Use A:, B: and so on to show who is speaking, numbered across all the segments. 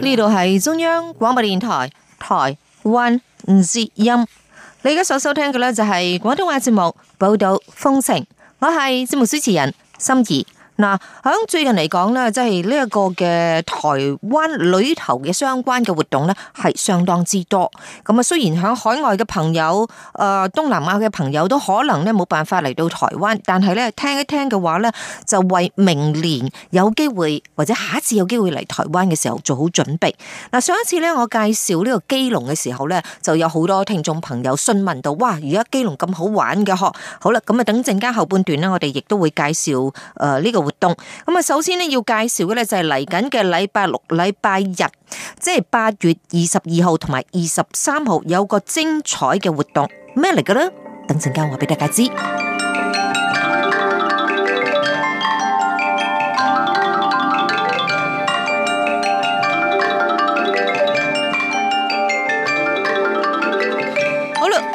A: 呢度係中央廣播電台台灣之音，你而家所收聽嘅咧就係廣東話節目報道風情，我係節目主持人心儀。嗱，響最近嚟講咧，即係呢一個嘅台灣旅頭嘅相關嘅活動咧，係相當之多。咁啊，雖然響海外嘅朋友、誒東南亞嘅朋友都可能咧冇辦法嚟到台灣，但係咧聽一聽嘅話咧，就為明年有機會或者下一次有機會嚟台灣嘅時候做好準備。嗱，上一次咧我介紹呢個基隆嘅時候咧，就有好多聽眾朋友詢問到，哇，而家基隆咁好玩嘅嗬？好啦，咁啊等陣間後半段咧，我哋亦都會介紹誒呢個。活動。咁啊，首先咧要介紹嘅咧就係嚟緊嘅禮拜六、禮拜日，即係八月二十二號同埋二十三號有個精彩嘅活動，咩嚟嘅咧？等陣間我俾大家知。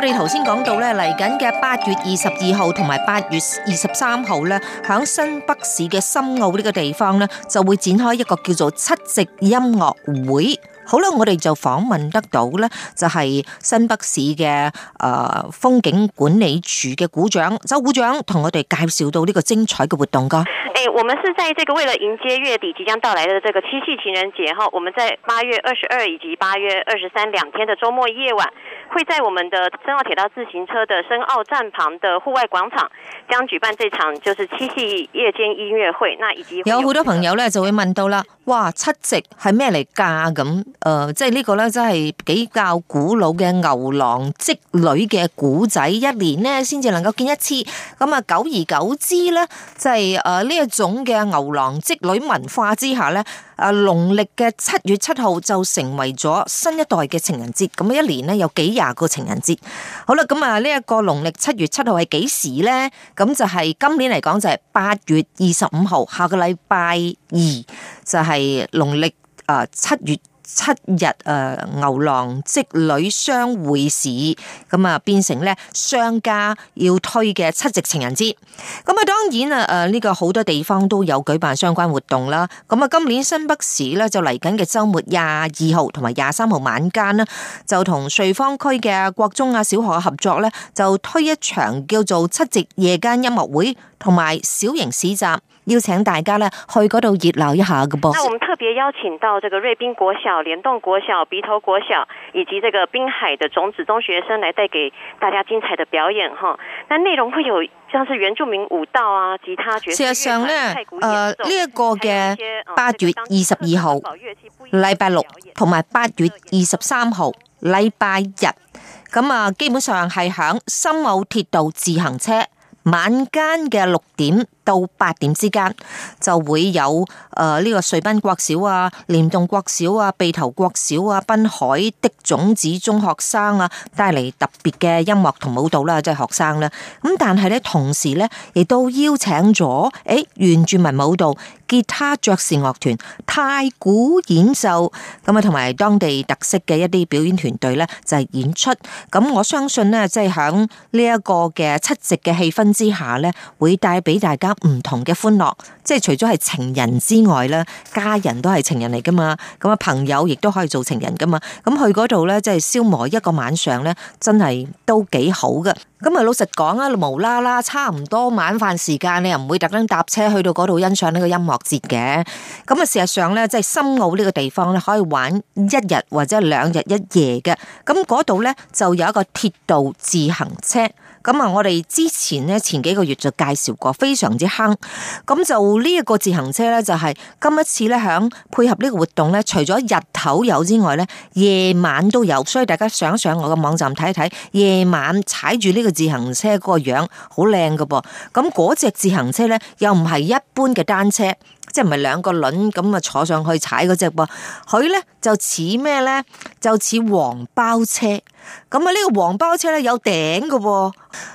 A: 我哋頭先講到呢，嚟緊嘅八月二十二號同埋八月二十三號呢，響新北市嘅深澳呢個地方呢，就會展開一個叫做七夕音樂會。好啦，我哋就訪問得到呢，就係新北市嘅，誒、呃、風景管理處嘅股長周股長，同我哋介紹到呢個精彩嘅活動噶。
B: 誒，我們是在這個為了迎接月底即將到來的這個七夕情人節哈，我們在八月二十二以及八月二十三兩天的周末夜晚，會在我們的深澳鐵道自行車的深澳站旁的戶外廣場，將舉辦這場就是七夕夜間音樂會。那以及有好多朋
A: 友呢，就會問到啦，哇，七夕係咩嚟㗎？咁？誒，即係、呃就是、呢個咧，真、就、係、是、比較古老嘅牛郎織女嘅古仔，一年呢，先至能夠見一次。咁啊，久而久之咧，就係誒呢一種嘅牛郎織女文化之下咧，誒農曆嘅七月七號就成為咗新一代嘅情人節。咁一年呢，有幾廿個情人節。好啦，咁啊呢一個農曆七月七號係幾時咧？咁就係今年嚟講就係八月二十五號，下個禮拜二就係農曆誒七月。七日誒牛郎織女相會時，咁啊變成咧商家要推嘅七夕情人節。咁啊當然啊誒呢個好多地方都有舉辦相關活動啦。咁啊今年新北市咧就嚟緊嘅週末廿二號同埋廿三號晚間啦，就同瑞芳區嘅國中啊小學合作咧，就推一場叫做七夕夜間音樂會同埋小型市集。邀請大家咧去嗰度熱鬧一下嘅噃。我們
B: 特別邀請到這個瑞濱國小、聯動國小、鼻頭國小以及這個濱海的種子中學生來帶給大家精彩的表演哈。內容會有，像是原住民舞蹈啊、吉他爵士樂、事實上呃、太鼓演奏呢一、呃這個嘅八月二十二號
A: 禮拜六，同埋八月二十三號禮拜日，咁啊，基本上係響深澳鐵道自行車晚間嘅六點，到八點之間就會有誒呢個瑞賓國小啊、濂洞國小啊、鼻頭國小啊、濱海的種子中學生啊帶嚟特別嘅音樂同舞蹈啦，即係學生啦。咁但係咧同時咧亦都邀請咗誒原住民舞蹈、吉他爵士樂團、太鼓演奏，咁啊同埋當地特色嘅一啲表演團隊咧就係演出。咁我相信咧即係響呢一個嘅七夕嘅氣氛之下咧，會帶俾大家。唔同嘅歡樂，即係除咗係情人之外啦，家人都係情人嚟噶嘛，咁啊朋友亦都可以做情人噶嘛，咁去嗰度咧，即係消磨一個晚上咧，真係都幾好噶。咁啊，老實講啊，無啦啦差唔多晚飯時間，你又唔會特登搭車去到嗰度欣賞呢個音樂節嘅。咁啊，事實上咧，即係深澳呢個地方咧，可以玩一日或者兩日一夜嘅。咁嗰度咧就有一個鐵道自行車。咁啊！我哋之前咧前幾個月就介紹過，非常之慳。咁就呢一個自行車咧，就係、是、今一次咧，響配合呢個活動咧，除咗日頭有之外咧，夜晚都有。所以大家上一上我嘅網站睇一睇，夜晚踩住呢個自行車嗰個樣好靚噶噃。咁嗰隻自行車咧，又唔係一般嘅單車，即係唔係兩個輪咁啊坐上去踩嗰隻噃。佢咧就似咩咧？就似黃包車。咁啊，呢個黃包車咧，有頂嘅。哦，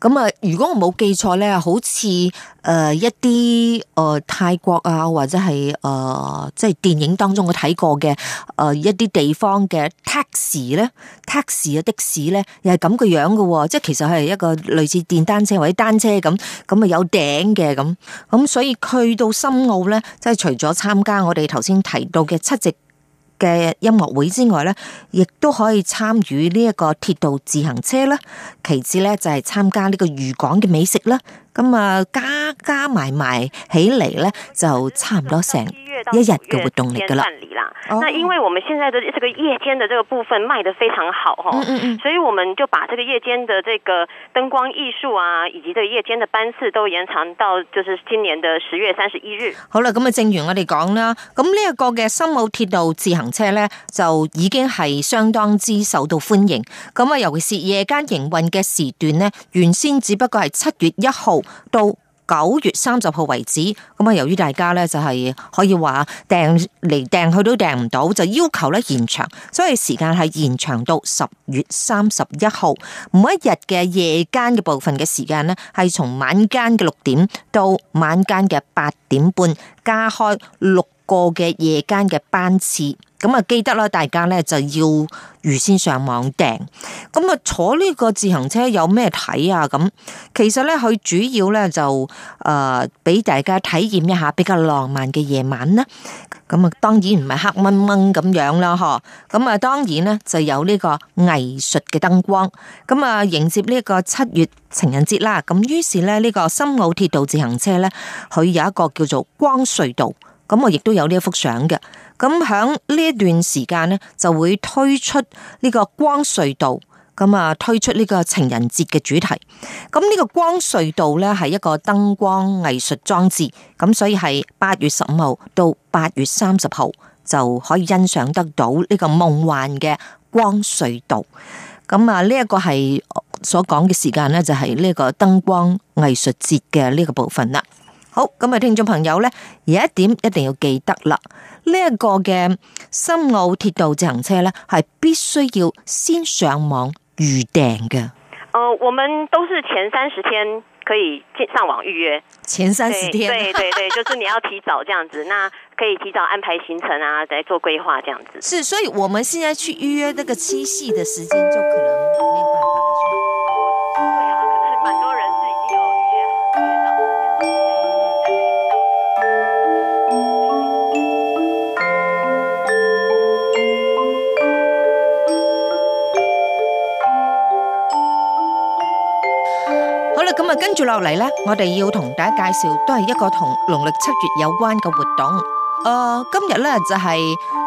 A: 咁啊，如果我冇記錯咧，好似誒、呃、一啲誒、呃、泰國啊，或者係誒，即係電影當中我睇過嘅誒、呃、一啲地方嘅 taxi 咧，taxi 嘅的，的士咧，又係咁個樣嘅。哦，即係其實係一個類似電單車或者單車咁，咁啊有頂嘅咁，咁所以去到深澳咧，即係除咗參加我哋頭先提到嘅七夕。嘅音樂會之外咧，亦都可以參與呢一個鐵道自行車啦。其次咧就係參加呢個漁港嘅美食啦。咁啊加加埋埋起嚟咧就差唔多成一日嘅活動嚟噶啦，
B: 那、哦、因為我們現在的這個夜間的這個部分賣得非常好，嗯嗯嗯，所以我們就把這個夜間的這個燈光藝術啊，以及這夜間的班次都延長到，就是今年的十月三十一日。
A: 好啦，咁啊，正如我哋講啦，咁呢一個嘅深澳鐵路自行車呢，就已經係相當之受到歡迎。咁啊，尤其是夜間營運嘅時段呢，原先只不過係七月一號到。九月三十號為止，咁啊，由於大家咧就係可以話訂嚟訂去都訂唔到，就要求咧延長，所以時間係延長到十月三十一號。每一日嘅夜間嘅部分嘅時間咧，係從晚間嘅六點到晚間嘅八點半，加開六個嘅夜間嘅班次。咁啊，記得啦，大家咧就要預先上網訂。咁啊，坐呢個自行車有咩睇啊？咁其實咧，佢主要咧就誒俾、呃、大家體驗一下比較浪漫嘅夜晚啦。咁啊，當然唔係黑掹掹咁樣啦，嗬。咁啊，當然咧就有呢個藝術嘅燈光。咁啊，迎接呢個七月情人節啦。咁於是咧，呢個深澳鐵道自行車咧，佢有一個叫做光隧道。咁我亦都有呢一幅相嘅，咁喺呢一段時間呢，就會推出呢個光隧道，咁啊，推出呢個情人節嘅主題。咁呢個光隧道呢，係一個燈光藝術裝置，咁所以係八月十五號到八月三十號就可以欣賞得到呢個夢幻嘅光隧道。咁啊，呢一個係所講嘅時間呢，就係呢個燈光藝術節嘅呢個部分啦。好咁啊，那聽眾朋友咧，有一點一定要記得啦。呢、這、一個嘅深澳鐵道自行車咧，係必須要先上網預訂嘅。
B: 誒，我們都是前三十天可以上網預約，
A: 前三十天，對對
B: 對，就是你要提早這樣子，那可以提早安排行程啊，再做規劃這樣子。
A: 是，所以我們現在去預約這個七夕的時間，就可能沒有辦法啦。哦、嗯，對啊，可能蠻多人是已經有預約預約到。嗯嗯嗯咁啊，跟住落嚟咧，我哋要同大家介紹都係一個同農曆七月有關嘅活動。誒，今日咧就係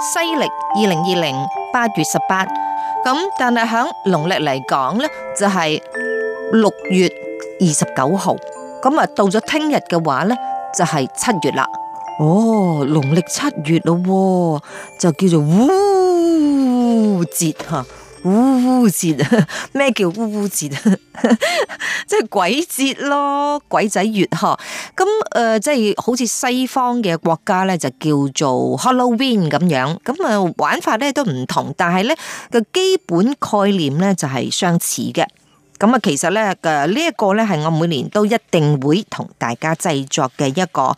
A: 西曆二零二零八月十八，咁但係響農曆嚟講咧就係六月二十九號。咁啊，到咗聽日嘅話咧就係七月啦。哦，農曆七月咯，就叫做鬼節吓。嗚嗚節？咩叫嗚嗚節啊？即 係鬼節咯，鬼仔月嗬。咁誒，即係、呃就是、好似西方嘅國家咧，就叫做 Halloween 咁樣。咁啊，玩法咧都唔同，但係咧個基本概念咧就係、是、相似嘅。咁啊，其實咧嘅呢一、這個咧係我每年都一定會同大家製作嘅一個。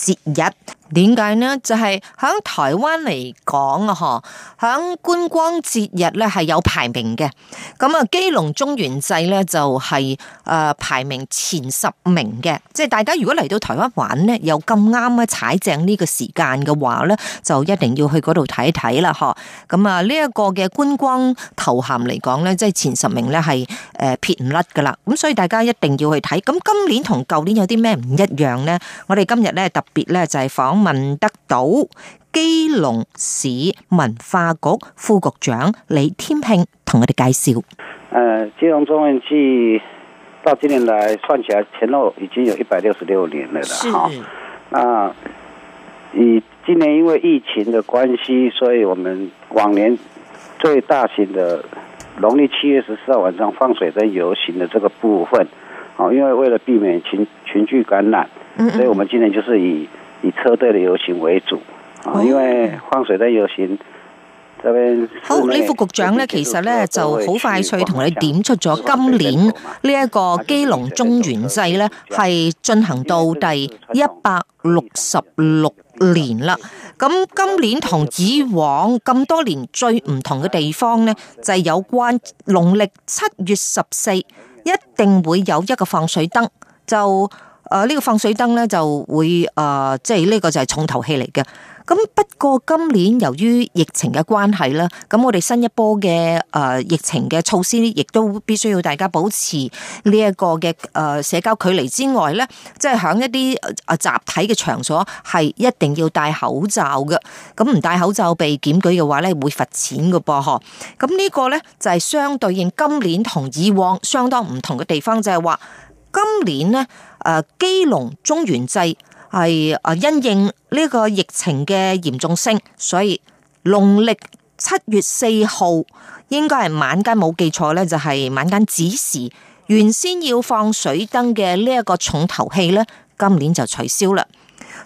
A: 節日點解呢？就係、是、喺台灣嚟講啊，嗬，喺觀光節日咧係有排名嘅。咁啊，基隆中元祭咧就係誒排名前十名嘅。即係大家如果嚟到台灣玩咧，又咁啱咧踩正呢個時間嘅話咧，就一定要去嗰度睇一睇啦，嗬。咁啊，呢一個嘅觀光頭銜嚟講咧，即、就、係、是、前十名咧係誒撇唔甩噶啦。咁所以大家一定要去睇。咁今年同舊年有啲咩唔一樣呢？我哋今日咧特別呢，就係、是、訪問得到基隆市文化局副局長李天慶，同我哋介紹。
C: 誒，基隆中元祭到今年來算起來，前後已經有一百六十六年啦，哈是。啊，以今年因為疫情的關係，所以我們往年最大型的農曆七月十四號晚上放水燈遊行的這個部分，好，因為為了避免群群聚感染。所以，我們今年就是以以車隊的遊行為主，啊、哦，因為放水的遊行這，這
A: 副局長呢，其實呢就好快脆同你哋點出咗今年呢一個基隆中元祭呢係進行到第一百六十六年啦。咁今年同以往咁多年最唔同嘅地方呢，就係有關農曆七月十四一定會有一個放水燈就。啊！呢個放水燈咧就會啊，即係呢個就係重頭戲嚟嘅。咁不過今年由於疫情嘅關係啦，咁我哋新一波嘅啊疫情嘅措施呢，亦都必須要大家保持呢一個嘅啊社交距離之外咧，即係喺一啲啊集體嘅場所係一定要戴口罩嘅。咁唔戴口罩被檢舉嘅話咧，會罰錢嘅噃，呵。咁呢個咧就係相對應今年同以往相當唔同嘅地方，就係話。今年呢，基隆中元祭係因應呢個疫情嘅嚴重性，所以農曆七月四號應該係晚間冇記錯咧，就係、是、晚間子時原先要放水燈嘅呢一個重頭戲咧，今年就取消啦。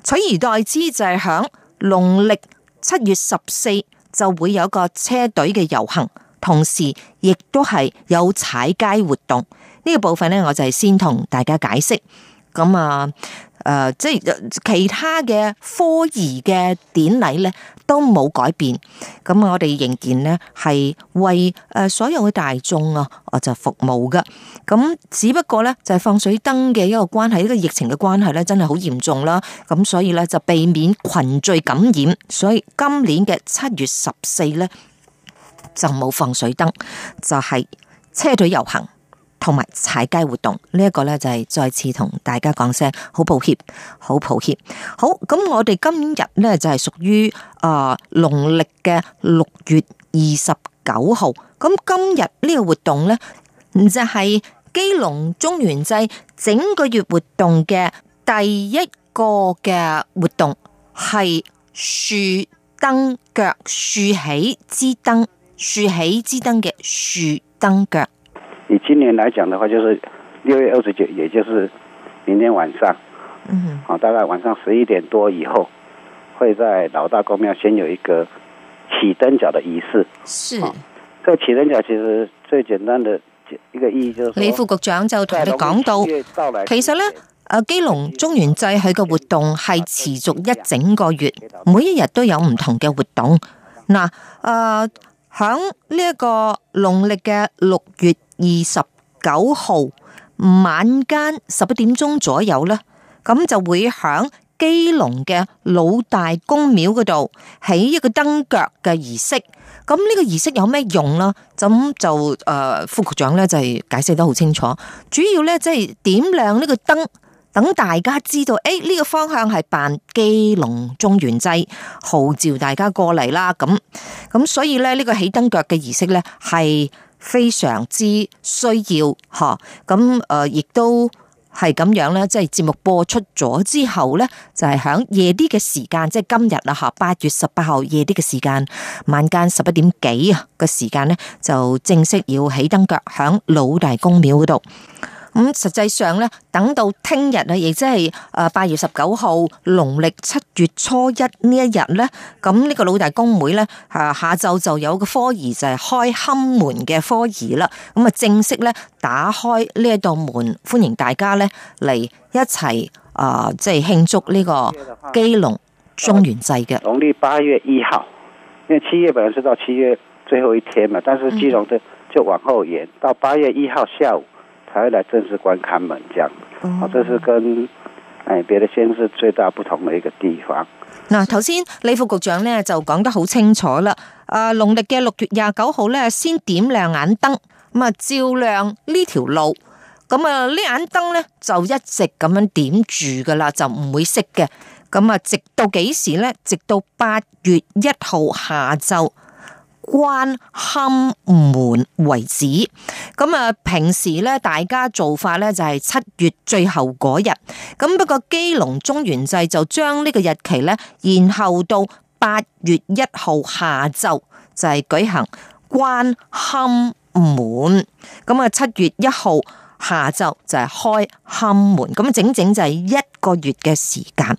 A: 取而代之就係響農曆七月十四就會有一個車隊嘅遊行，同時亦都係有踩街活動。呢個部分咧，我就係先同大家解釋。咁啊，誒、呃，即係其他嘅科儀嘅典禮咧，都冇改變。咁我哋仍然咧係為誒所有嘅大眾啊，我就服務噶。咁只不過咧，就係、是、放水燈嘅一個關係，呢、這個疫情嘅關係咧，真係好嚴重啦。咁所以咧，就避免群聚感染。所以今年嘅七月十四咧，就冇放水燈，就係、是、車隊遊行。同埋踩街活動呢一個呢就係再次同大家講聲好抱歉，好抱歉。好咁，我哋今日呢就係屬於啊農曆嘅六月二十九號。咁今日呢個活動呢，就係基隆中元祭整個月活動嘅第一個嘅活動係豎燈腳，豎起之燈，豎起之燈嘅豎燈腳。
C: 今年來講的話，就是六月二十九，也就是明天晚上，嗯，大概晚上十一點多以後，會在老大公廟先有一個起燈腳的儀式。是，這起燈腳其實最簡單的一個意義就是。李副
A: 局長就同你講到，其實呢，基隆中元祭佢嘅活動係持續一整個月，每一日都有唔同嘅活動。嗱、呃，誒，喺呢一個農曆嘅六月。二十九號晚間十一點鐘左右呢咁就會喺基隆嘅老大公廟嗰度起一個燈腳嘅儀式。咁呢個儀式有咩用呢咁就誒、呃、副局長呢就係、是、解釋得好清楚。主要呢即係、就是、點亮呢個燈，等大家知道誒呢、欸這個方向係辦基隆中元祭，號召大家過嚟啦。咁咁所以咧呢、這個起燈腳嘅儀式呢係。非常之需要，吓咁誒，亦、呃、都係咁樣咧。即係節目播出咗之後咧，就係、是、響夜啲嘅時間，即、就、係、是、今日啊，吓八月十八號夜啲嘅時間，晚間十一點幾啊嘅時間咧，就正式要起燈腳響老大公廟嗰度。咁實際上咧，等到聽日啊，亦即係誒八月十九號，農曆七月初一,一呢一日咧，咁呢個老大公會咧，誒下晝就有個科儀就係、是、開龕門嘅科儀啦。咁啊，正式咧打開呢一道門，歡迎大家咧嚟一齊誒，即係慶祝呢個基隆中元祭嘅。
C: 農曆八月一號，因為七月本來是到七月最後一天嘛，但是基隆就就往後延到八月一號下午。嗯、才會正式觀看門將，哦，這是跟誒別的縣市最大不同的一個地方。
A: 嗱，頭先李副局長咧就講得好清楚啦。誒，農曆嘅六月廿九號咧先點亮眼燈，咁啊照亮呢條路。咁啊呢眼燈咧就一直咁樣點住噶啦，就唔會熄嘅。咁啊直到幾時咧？直到八月一號下晝。關龕門為止，咁啊平時咧大家做法咧就係七月最後嗰日，咁不過基隆中元祭就將呢個日期咧延後到八月一號下晝，就係舉行關龕門，咁啊七月一號。下晝就係開坎門，咁整整就係一個月嘅時間。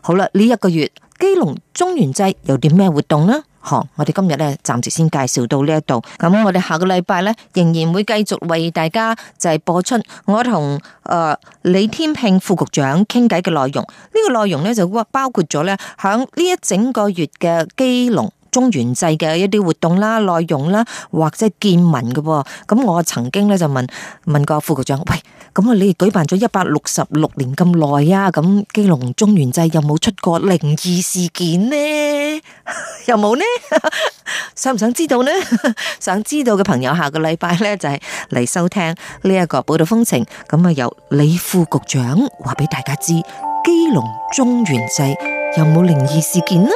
A: 好啦，呢一個月基隆中元祭有啲咩活動呢？好，我哋今日咧暫時先介紹到呢一度。咁我哋下個禮拜咧仍然會繼續為大家就係播出我同誒、呃、李天慶副局長傾偈嘅內容。這個、內容呢個內容咧就包括咗咧響呢一整個月嘅基隆。中原祭嘅一啲活動啦、內容啦，或者見聞嘅，咁我曾經咧就問問過副局長：，喂，咁啊，你哋舉辦咗一百六十六年咁耐啊，咁基隆中原祭有冇出過靈異事件呢？ 有冇有呢？ 想唔想知道呢？ 想知道嘅朋友，下個禮拜咧就係嚟收聽呢一個報道風情，咁啊由李副局長話俾大家知，基隆中原祭有冇靈異事件呢？」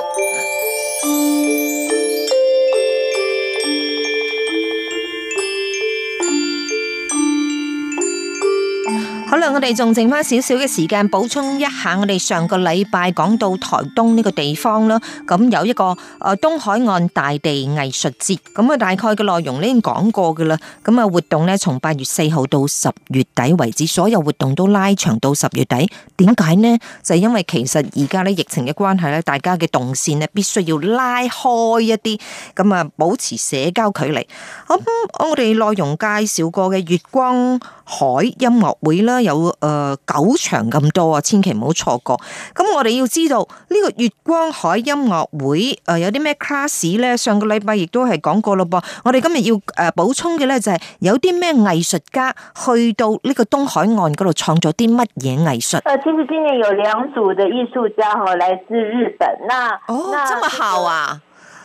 A: 好啦，我哋仲剩翻少少嘅時間，補充一下我哋上個禮拜講到台東呢個地方啦。咁有一個誒東海岸大地藝術節，咁啊大概嘅內容咧已經講過噶啦。咁啊活動咧從八月四號到十月底為止，所有活動都拉長到十月底。點解呢？就係因為其實而家咧疫情嘅關係咧，大家嘅動線咧必須要拉開一啲，咁啊保持社交距離。咁我哋內容介紹過嘅月光海音樂會啦。有誒、呃、九場咁多啊，千祈唔好錯過。咁我哋要知道呢、這個月光海音樂會誒、呃、有啲咩 class 咧？上個禮拜亦都係講過咯噃。我哋今日要誒補充嘅咧就係、是、有啲咩藝術家去到呢個東海岸嗰度創作啲乜嘢藝術？誒，其實今年有兩組嘅藝術家嗬來自日本。那哦，那這個、這麼好啊？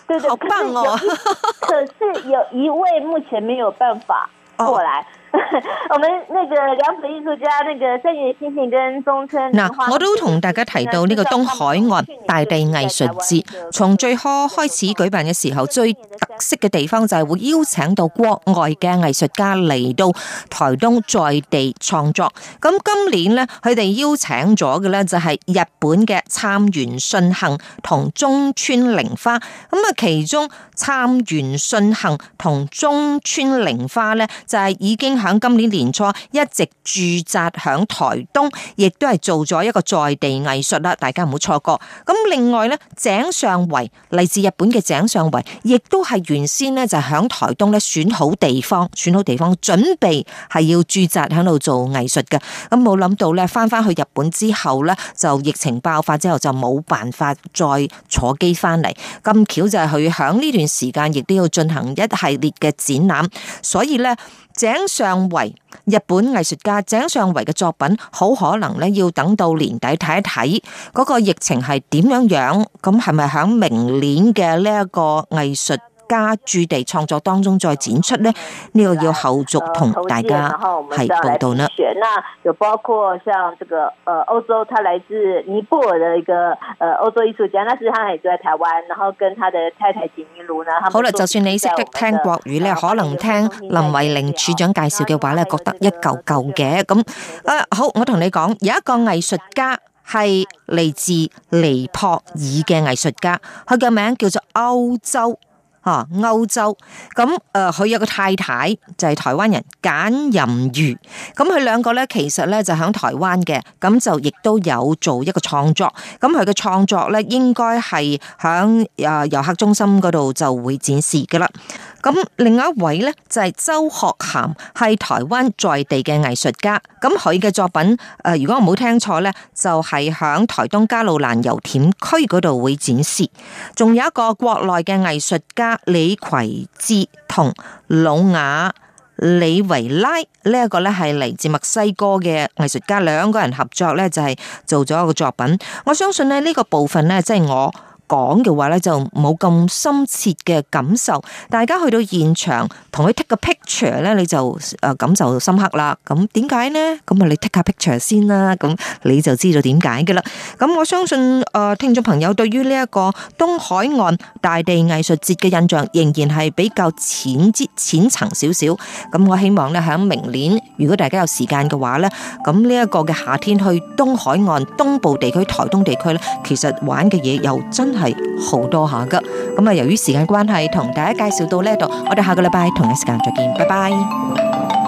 B: 對，對對，好棒哦、啊。可是， 可是有一位目前沒有辦法過來。哦 我們那個兩組藝術家，那個森井信幸跟中村玲花。嗱，我都同大家提到呢個東
A: 海岸大地藝術節，從最初開始舉辦嘅時候，最特色嘅地方就係會邀請到國外嘅藝術家嚟到台東在地創作。咁今年呢，佢哋邀請咗嘅呢，就係日本嘅參原信幸同中村玲花。咁啊，其中參原信幸同中村玲花呢，就係、是、已經。響今年年初一直駐紮響台東，亦都係做咗一個在地藝術啦，大家唔好錯過。咁另外咧，井上圍嚟自日本嘅井上圍亦都係原先咧就響台東咧選好地方，選好地方準備係要駐紮響度做藝術嘅。咁冇諗到咧，翻翻去日本之後咧，就疫情爆發之後就冇辦法再坐機翻嚟。咁巧就係佢響呢段時間，亦都要進行一系列嘅展覽，所以咧。井上維，日本藝術家井上維嘅作品好可能咧，要等到年底睇一睇嗰個疫情係點樣樣，咁係咪響明年嘅呢一個藝術？家駐地創作當中再展出呢，呢個要後續同大家係報道呢那就
B: 包括像這個，呃，歐洲，他來自尼泊爾嘅一個，呃，歐洲藝術家，但是他也住在台灣，然後跟他的太太吉米呢。好啦，就算你識得
A: 聽國語呢，可能聽林慧玲處長介紹嘅話呢，覺得一舊舊嘅咁。誒，好，我同你講，有一個藝術家係嚟自尼泊爾嘅藝術家，佢嘅名叫做歐洲。啊，歐洲咁，誒佢、呃、有個太太就係、是、台灣人簡任如，咁佢兩個咧其實咧就喺台灣嘅，咁就亦都有做一個創作，咁佢嘅創作咧應該係喺誒遊客中心嗰度就會展示嘅啦。咁另一位咧就係周學涵，係台灣在地嘅藝術家。咁佢嘅作品，誒，如果我冇聽錯咧，就係響台東加路蘭油田區嗰度會展示。仲有一個國內嘅藝術家李葵志同老雅李維拉，呢一個咧係嚟自墨西哥嘅藝術家，兩個人合作咧就係做咗一個作品。我相信咧呢個部分咧即係我講嘅話咧就冇咁深切嘅感受，大家去到現場同佢剔個 picture 咧，你就誒，感受就深刻啦。咁點解呢？咁啊你剔下 picture 先啦，咁你就知道點解嘅啦。咁我相信誒、呃、聽眾朋友對於呢一個東海岸大地藝術節嘅印象仍然係比較淺淺層少少。咁我希望咧喺明年，如果大家有時間嘅話咧，咁呢一個嘅夏天去東海岸、東部地區、台東地區咧，其實玩嘅嘢又真係好多下㗎，咁啊！由於時間關係，同大家介紹到呢度，我哋下個禮拜同一時間再見，拜拜。